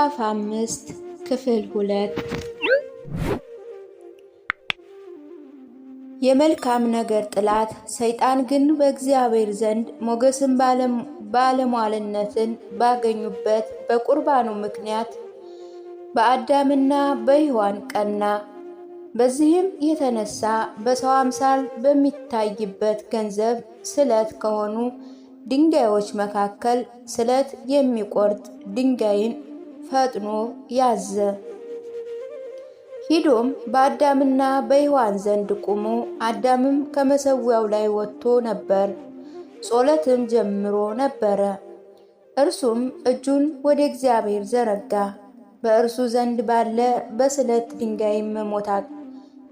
ምዕራፍ አምስት ክፍል ሁለት የመልካም ነገር ጥላት ሰይጣን ግን በእግዚአብሔር ዘንድ ሞገስን ባለሟልነትን ባገኙበት በቁርባኑ ምክንያት በአዳምና በሔዋን ቀና። በዚህም የተነሳ በሰው አምሳል በሚታይበት ገንዘብ ስለት ከሆኑ ድንጋዮች መካከል ስለት የሚቆርጥ ድንጋይን ፈጥኖ ያዘ። ሂዶም በአዳምና በሔዋን ዘንድ ቆሞ፣ አዳምም ከመሠዊያው ላይ ወጥቶ ነበር፣ ጾለትም ጀምሮ ነበረ። እርሱም እጁን ወደ እግዚአብሔር ዘረጋ፣ በእርሱ ዘንድ ባለ በስለት መሞታት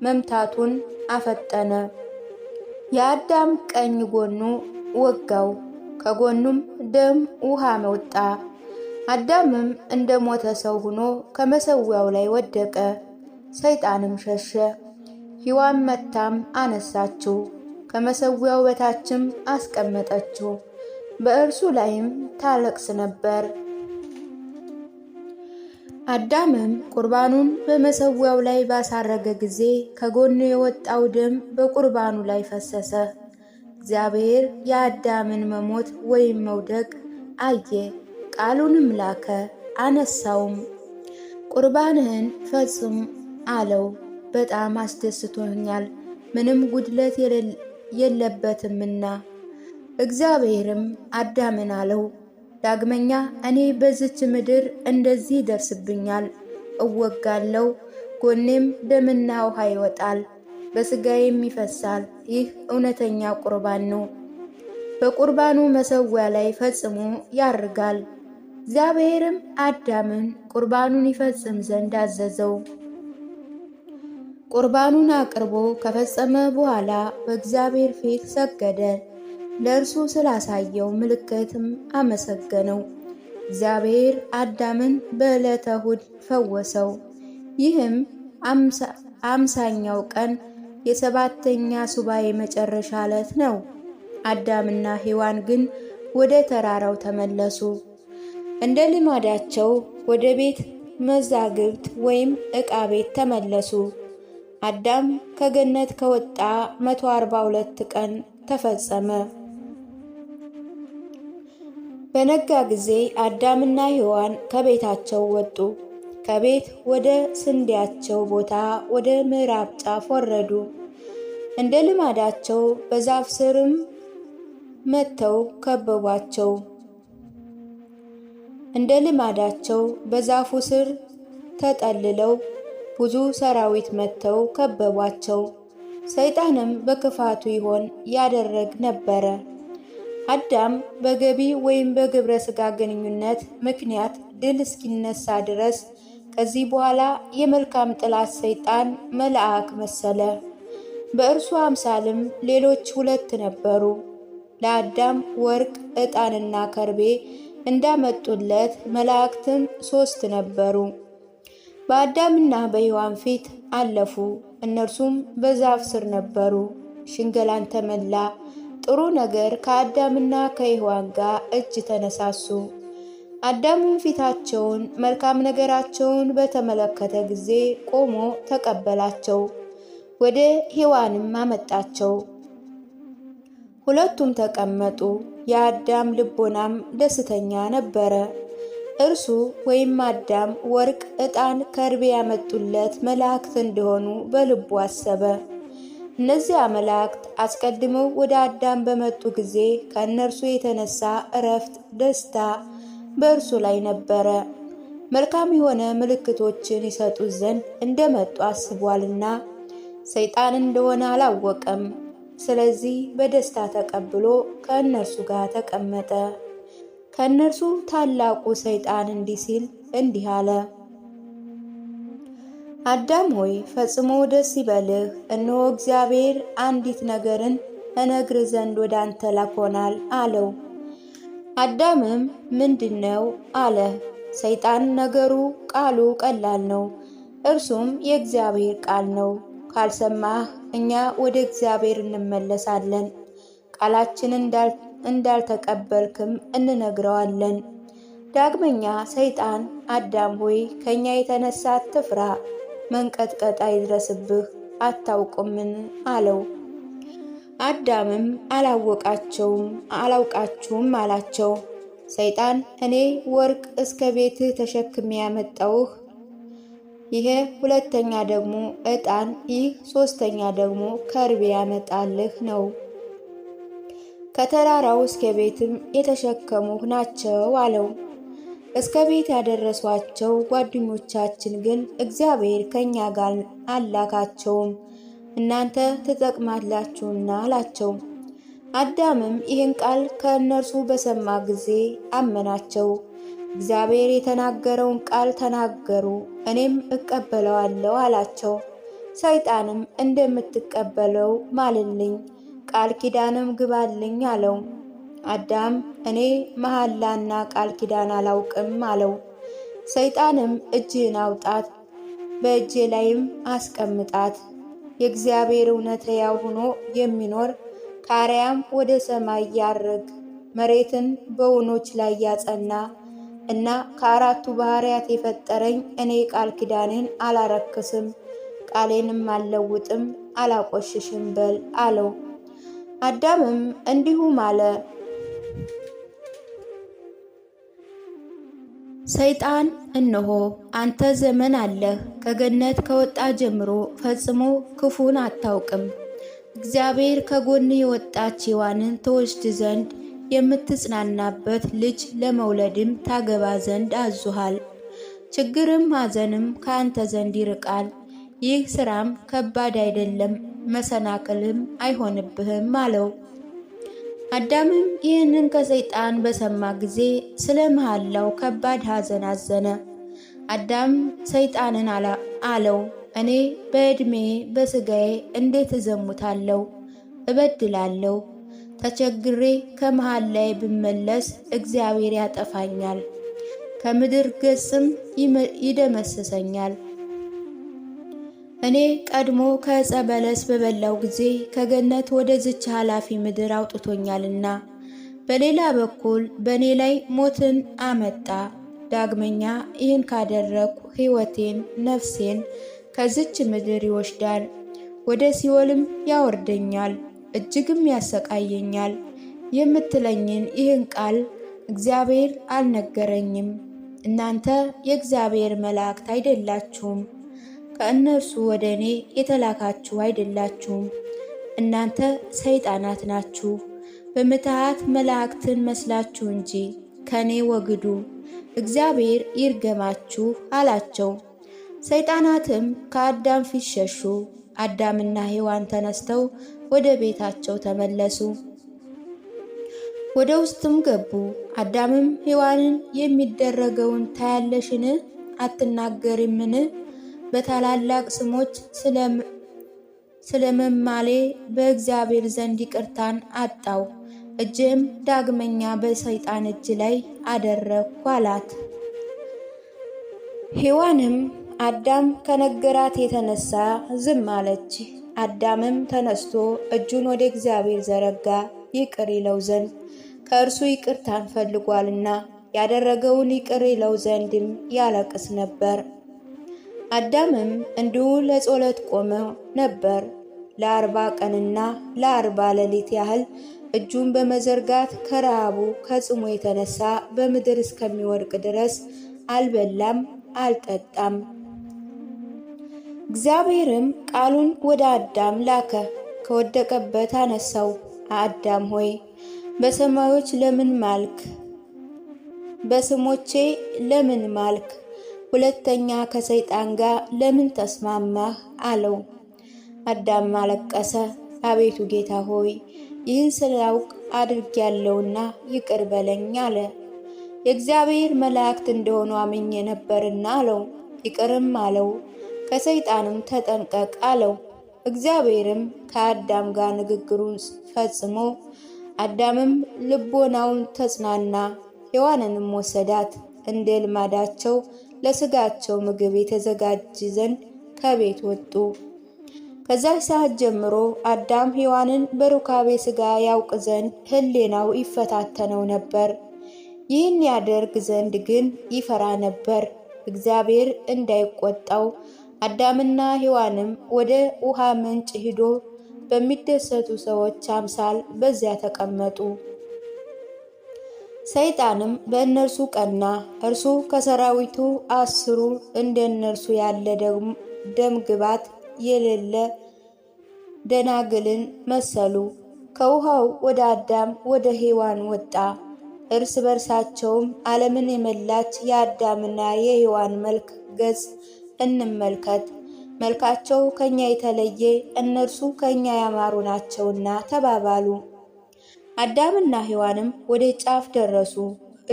መምታቱን አፈጠነ። የአዳም ቀኝ ጎኑ ወጋው፣ ከጎኑም ደም ውሃ መውጣ አዳምም እንደ ሞተ ሰው ሆኖ ከመሰዊያው ላይ ወደቀ። ሰይጣንም ሸሸ። ሔዋን መታም አነሳችው፣ ከመሰዊያው በታችም አስቀመጠችው። በእርሱ ላይም ታለቅስ ነበር። አዳምም ቁርባኑን በመሰዊያው ላይ ባሳረገ ጊዜ ከጎኑ የወጣው ደም በቁርባኑ ላይ ፈሰሰ። እግዚአብሔር የአዳምን መሞት ወይም መውደቅ አየ። ቃሉንም ላከ፣ አነሳውም። ቁርባንህን ፈጽም አለው። በጣም አስደስቶኛል፣ ምንም ጉድለት የለበትምና። እግዚአብሔርም አዳምን አለው፣ ዳግመኛ እኔ በዝች ምድር እንደዚህ ይደርስብኛል፣ እወጋለሁ፣ ጎኔም ደምና ውሃ ይወጣል፣ በስጋዬም ይፈሳል። ይህ እውነተኛ ቁርባን ነው። በቁርባኑ መሰዊያ ላይ ፈጽሞ ያርጋል። እግዚአብሔርም አዳምን ቁርባኑን ይፈጽም ዘንድ አዘዘው። ቁርባኑን አቅርቦ ከፈጸመ በኋላ በእግዚአብሔር ፊት ሰገደ። ለእርሱ ስላሳየው ምልክትም አመሰገነው። እግዚአብሔር አዳምን በዕለተ እሁድ ፈወሰው። ይህም አምሳኛው ቀን የሰባተኛ ሱባኤ መጨረሻ ዕለት ነው። አዳምና ሔዋን ግን ወደ ተራራው ተመለሱ። እንደ ልማዳቸው ወደ ቤት መዛግብት ወይም ዕቃ ቤት ተመለሱ። አዳም ከገነት ከወጣ 142 ቀን ተፈጸመ። በነጋ ጊዜ አዳምና ሔዋን ከቤታቸው ወጡ። ከቤት ወደ ስንዴያቸው ቦታ ወደ ምዕራብ ጫፍ ወረዱ። እንደ ልማዳቸው በዛፍ ስርም መጥተው ከበቧቸው። እንደ ልማዳቸው በዛፉ ስር ተጠልለው ብዙ ሰራዊት መጥተው ከበቧቸው። ሰይጣንም በክፋቱ ይሆን ያደረግ ነበረ። አዳም በገቢ ወይም በግብረ ስጋ ግንኙነት ምክንያት ድል እስኪነሳ ድረስ ከዚህ በኋላ የመልካም ጥላት ሰይጣን መልአክ መሰለ። በእርሱ አምሳልም ሌሎች ሁለት ነበሩ። ለአዳም ወርቅ፣ ዕጣንና ከርቤ እንዳመጡለት መላእክትም ሶስት ነበሩ። በአዳምና በሔዋን ፊት አለፉ። እነርሱም በዛፍ ስር ነበሩ። ሽንገላን ተመላ። ጥሩ ነገር ከአዳምና ከሔዋን ጋር እጅ ተነሳሱ። አዳምም ፊታቸውን መልካም ነገራቸውን በተመለከተ ጊዜ ቆሞ ተቀበላቸው። ወደ ሔዋንም አመጣቸው። ሁለቱም ተቀመጡ። የአዳም ልቦናም ደስተኛ ነበረ። እርሱ ወይም አዳም ወርቅ፣ ዕጣን፣ ከርቤ ያመጡለት መላእክት እንደሆኑ በልቡ አሰበ። እነዚያ መላእክት አስቀድመው ወደ አዳም በመጡ ጊዜ ከእነርሱ የተነሳ እረፍት፣ ደስታ በእርሱ ላይ ነበረ። መልካም የሆነ ምልክቶችን ይሰጡት ዘንድ እንደመጡ አስቧልና ሰይጣን እንደሆነ አላወቀም። ስለዚህ በደስታ ተቀብሎ ከእነርሱ ጋር ተቀመጠ። ከእነርሱ ታላቁ ሰይጣን እንዲህ ሲል እንዲህ አለ፣ አዳም ሆይ ፈጽሞ ደስ ይበልህ፣ እነሆ እግዚአብሔር አንዲት ነገርን እነግር ዘንድ ወደ አንተ ላኮናል አለው። አዳምም ምንድን ነው አለ። ሰይጣን ነገሩ ቃሉ ቀላል ነው፣ እርሱም የእግዚአብሔር ቃል ነው ካልሰማህ እኛ ወደ እግዚአብሔር እንመለሳለን፣ ቃላችን እንዳልተቀበልክም እንነግረዋለን። ዳግመኛ ሰይጣን አዳም ሆይ ከእኛ የተነሳ አትፍራ፣ መንቀጥቀጥ አይድረስብህ አታውቁምን አለው። አዳምም አላወቃቸውም አላውቃችሁም አላቸው። ሰይጣን እኔ ወርቅ እስከ ቤትህ ተሸክሜ ያመጣውህ ይሄ ሁለተኛ ደግሞ ዕጣን፣ ይህ ሶስተኛ ደግሞ ከርቤ ያመጣልህ ነው። ከተራራው እስከ ቤትም የተሸከሙህ ናቸው አለው። እስከ ቤት ያደረሷቸው ጓደኞቻችን ግን እግዚአብሔር ከእኛ ጋር አላካቸውም፣ እናንተ ትጠቅማላችሁና አላቸው። አዳምም ይህን ቃል ከእነርሱ በሰማ ጊዜ አመናቸው። እግዚአብሔር የተናገረውን ቃል ተናገሩ፣ እኔም እቀበለዋለሁ አላቸው። ሰይጣንም እንደምትቀበለው ማልልኝ፣ ቃል ኪዳንም ግባልኝ አለው። አዳም እኔ መሐላና ቃል ኪዳን አላውቅም አለው። ሰይጣንም እጅህን አውጣት፣ በእጄ ላይም አስቀምጣት። የእግዚአብሔር እውነት ሕያው ሆኖ የሚኖር ካርያም ወደ ሰማይ ያርግ መሬትን በውኖች ላይ ያጸና እና ከአራቱ ባህርያት የፈጠረኝ እኔ ቃል ኪዳኔን አላረክስም፣ ቃሌንም አልለውጥም፣ አላቆሽሽም በል አለው። አዳምም እንዲሁም አለ። ሰይጣን እነሆ አንተ ዘመን አለህ፣ ከገነት ከወጣ ጀምሮ ፈጽሞ ክፉን አታውቅም። እግዚአብሔር ከጎንህ የወጣች ሔዋንን ትወስድ ዘንድ የምትጽናናበት ልጅ ለመውለድም ታገባ ዘንድ አዙሃል። ችግርም ሐዘንም ከአንተ ዘንድ ይርቃል። ይህ ስራም ከባድ አይደለም፣ መሰናክልም አይሆንብህም አለው። አዳምም ይህንን ከሰይጣን በሰማ ጊዜ ስለ መሐላው ከባድ ሐዘን አዘነ። አዳም ሰይጣንን አለው፣ እኔ በዕድሜ በሥጋዬ እንዴት እዘሙታለሁ? እበድላለሁ ተቸግሬ ከመሃል ላይ ብመለስ እግዚአብሔር ያጠፋኛል፣ ከምድር ገጽም ይደመስሰኛል። እኔ ቀድሞ ከዕፀ በለስ በበላው ጊዜ ከገነት ወደ ዝች ኃላፊ ምድር አውጥቶኛልና። በሌላ በኩል በእኔ ላይ ሞትን አመጣ። ዳግመኛ ይህን ካደረግኩ ሕይወቴን ነፍሴን ከዝች ምድር ይወስዳል፣ ወደ ሲኦልም ያወርደኛል። እጅግም ያሰቃየኛል የምትለኝን ይህን ቃል እግዚአብሔር አልነገረኝም። እናንተ የእግዚአብሔር መላእክት አይደላችሁም፣ ከእነርሱ ወደ እኔ የተላካችሁ አይደላችሁም። እናንተ ሰይጣናት ናችሁ፣ በምትሃት መላእክትን መስላችሁ እንጂ ከእኔ ወግዱ፣ እግዚአብሔር ይርገማችሁ አላቸው። ሰይጣናትም ከአዳም ፊት ሸሹ። አዳምና ሔዋን ተነስተው ወደ ቤታቸው ተመለሱ። ወደ ውስጥም ገቡ። አዳምም ሔዋንን የሚደረገውን ታያለሽን? አትናገሪምን? በታላላቅ ስሞች ስለመማሌ በእግዚአብሔር ዘንድ ይቅርታን አጣው። እጅም ዳግመኛ በሰይጣን እጅ ላይ አደረግኩ አላት። ሔዋንም አዳም ከነገራት የተነሳ ዝም አለች። አዳምም ተነስቶ እጁን ወደ እግዚአብሔር ዘረጋ ይቅር ይለው ዘንድ ከእርሱ ይቅርታን ፈልጓልና ያደረገውን ይቅር ይለው ዘንድም ያለቅስ ነበር። አዳምም እንዲሁ ለጸሎት ቆመ ነበር ለአርባ ቀንና ለአርባ ሌሊት ያህል እጁን በመዘርጋት ከረሃቡ ከጽሙ የተነሳ በምድር እስከሚወድቅ ድረስ አልበላም አልጠጣም። እግዚአብሔርም ቃሉን ወደ አዳም ላከ፣ ከወደቀበት አነሳው። አዳም ሆይ በሰማዮች ለምን ማልክ? በስሞቼ ለምን ማልክ? ሁለተኛ ከሰይጣን ጋር ለምን ተስማማህ? አለው። አዳም አለቀሰ። አቤቱ ጌታ ሆይ ይህን ስላውቅ ያለውና ይቅር በለኝ አለ። የእግዚአብሔር መላእክት እንደሆኑ አምኜ ነበርና አለው። ይቅርም አለው። ከሰይጣንም ተጠንቀቅ አለው። እግዚአብሔርም ከአዳም ጋር ንግግሩን ፈጽሞ አዳምም ልቦናውን ተጽናና፣ ሔዋንንም ወሰዳት። እንደ ልማዳቸው ለስጋቸው ምግብ የተዘጋጅ ዘንድ ከቤት ወጡ። ከዛች ሰዓት ጀምሮ አዳም ሔዋንን በሩካቤ ስጋ ያውቅ ዘንድ ህሌናው ይፈታተነው ነበር። ይህን ያደርግ ዘንድ ግን ይፈራ ነበር፣ እግዚአብሔር እንዳይቆጣው አዳምና ሔዋንም ወደ ውሃ ምንጭ ሂዶ በሚደሰቱ ሰዎች አምሳል በዚያ ተቀመጡ። ሰይጣንም በእነርሱ ቀና። እርሱ ከሰራዊቱ አስሩ እንደ እነርሱ ያለ ደም ግባት የሌለ ደናግልን መሰሉ። ከውሃው ወደ አዳም ወደ ሔዋን ወጣ። እርስ በርሳቸውም ዓለምን የመላች የአዳምና የሔዋን መልክ ገጽ እንመልከት። መልካቸው ከኛ የተለየ እነርሱ ከኛ ያማሩ ናቸውና ተባባሉ። አዳምና ሔዋንም ወደ ጫፍ ደረሱ፣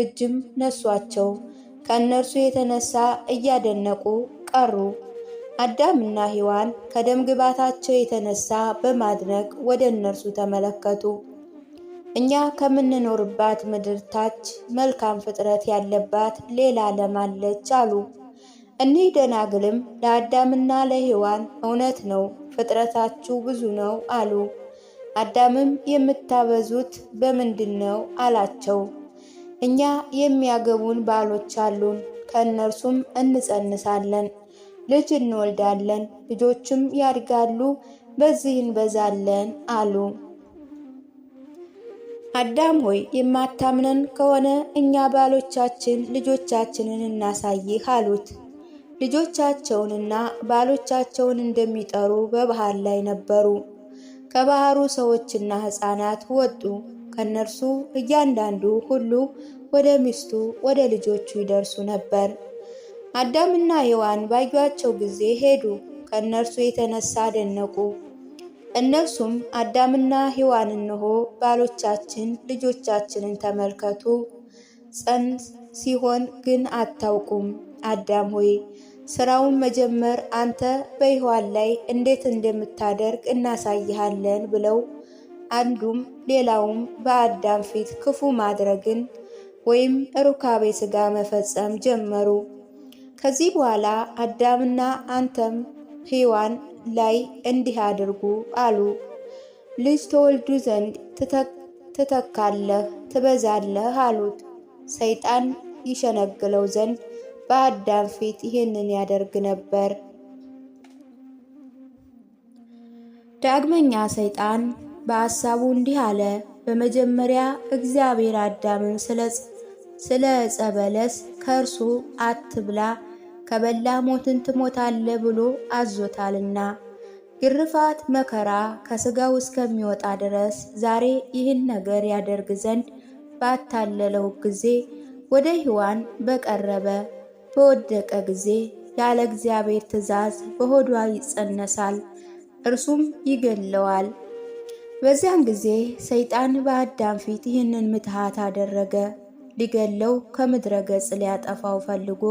እጅም ነሷቸው። ከእነርሱ የተነሳ እያደነቁ ቀሩ። አዳምና ሔዋን ከደም ግባታቸው የተነሳ በማድነቅ ወደ እነርሱ ተመለከቱ። እኛ ከምንኖርባት ምድር ታች መልካም ፍጥረት ያለባት ሌላ ዓለም አለች አሉ። እኒህ ደናግልም ለአዳምና ለሔዋን እውነት ነው ፍጥረታችሁ ብዙ ነው አሉ። አዳምም የምታበዙት በምንድን ነው አላቸው። እኛ የሚያገቡን ባሎች አሉን፣ ከእነርሱም እንጸንሳለን፣ ልጅ እንወልዳለን፣ ልጆችም ያድጋሉ፣ በዚህ እንበዛለን አሉ። አዳም ሆይ የማታምነን ከሆነ እኛ ባሎቻችን ልጆቻችንን እናሳይህ አሉት። ልጆቻቸውንና ባሎቻቸውን እንደሚጠሩ በባህር ላይ ነበሩ። ከባህሩ ሰዎችና ሕፃናት ወጡ። ከእነርሱ እያንዳንዱ ሁሉ ወደ ሚስቱ ወደ ልጆቹ ይደርሱ ነበር። አዳምና ሔዋን ባዩቸው ጊዜ ሄዱ፣ ከእነርሱ የተነሳ አደነቁ። እነርሱም አዳምና ሔዋን እንሆ ባሎቻችን፣ ልጆቻችንን ተመልከቱ፣ ጽንስ ሲሆን ግን አታውቁም። አዳም ሆይ ስራውን መጀመር አንተ በይኋን ላይ እንዴት እንደምታደርግ እናሳይሃለን ብለው አንዱም ሌላውም በአዳም ፊት ክፉ ማድረግን ወይም ሩካቤ ሥጋ መፈጸም ጀመሩ። ከዚህ በኋላ አዳምና አንተም ሔዋን ላይ እንዲህ አድርጉ አሉ። ልጅ ተወልዱ ዘንድ ትተካለህ፣ ትበዛለህ አሉት። ሰይጣን ይሸነግለው ዘንድ በአዳም ፊት ይህንን ያደርግ ነበር። ዳግመኛ ሰይጣን በሐሳቡ እንዲህ አለ። በመጀመሪያ እግዚአብሔር አዳምን ስለ ዕፀ በለስ ከእርሱ አትብላ ከበላ ሞትን ትሞታለ ብሎ አዞታልና ግርፋት፣ መከራ ከስጋው እስከሚወጣ ድረስ ዛሬ ይህን ነገር ያደርግ ዘንድ ባታለለው ጊዜ ወደ ሔዋን በቀረበ በወደቀ ጊዜ ያለ እግዚአብሔር ትእዛዝ በሆዷ ይጸነሳል፣ እርሱም ይገለዋል። በዚያን ጊዜ ሰይጣን በአዳም ፊት ይህንን ምትሃት አደረገ፣ ሊገለው ከምድረ ገጽ ሊያጠፋው ፈልጎ።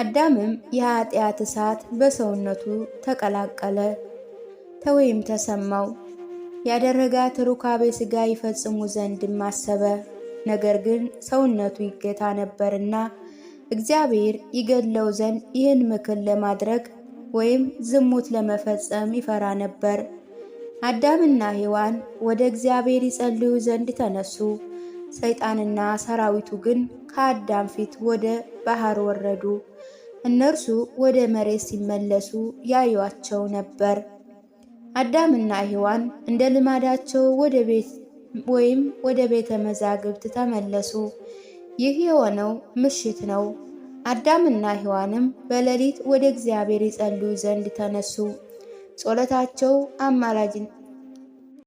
አዳምም የኃጢአት እሳት በሰውነቱ ተቀላቀለ ተወይም ተሰማው። ያደረጋት ሩካቤ ሥጋ ይፈጽሙ ዘንድም አሰበ። ነገር ግን ሰውነቱ ይገታ ነበርና እግዚአብሔር ይገድለው ዘንድ ይህን ምክር ለማድረግ ወይም ዝሙት ለመፈጸም ይፈራ ነበር። አዳምና ሔዋን ወደ እግዚአብሔር ይጸልዩ ዘንድ ተነሱ። ሰይጣንና ሰራዊቱ ግን ከአዳም ፊት ወደ ባህር ወረዱ። እነርሱ ወደ መሬት ሲመለሱ ያዩዋቸው ነበር። አዳምና ሔዋን እንደ ልማዳቸው ወደ ቤት ወይም ወደ ቤተ መዛግብት ተመለሱ። ይህ የሆነው ምሽት ነው። አዳምና ሔዋንም በሌሊት ወደ እግዚአብሔር ይጸልዩ ዘንድ ተነሱ። ጸሎታቸው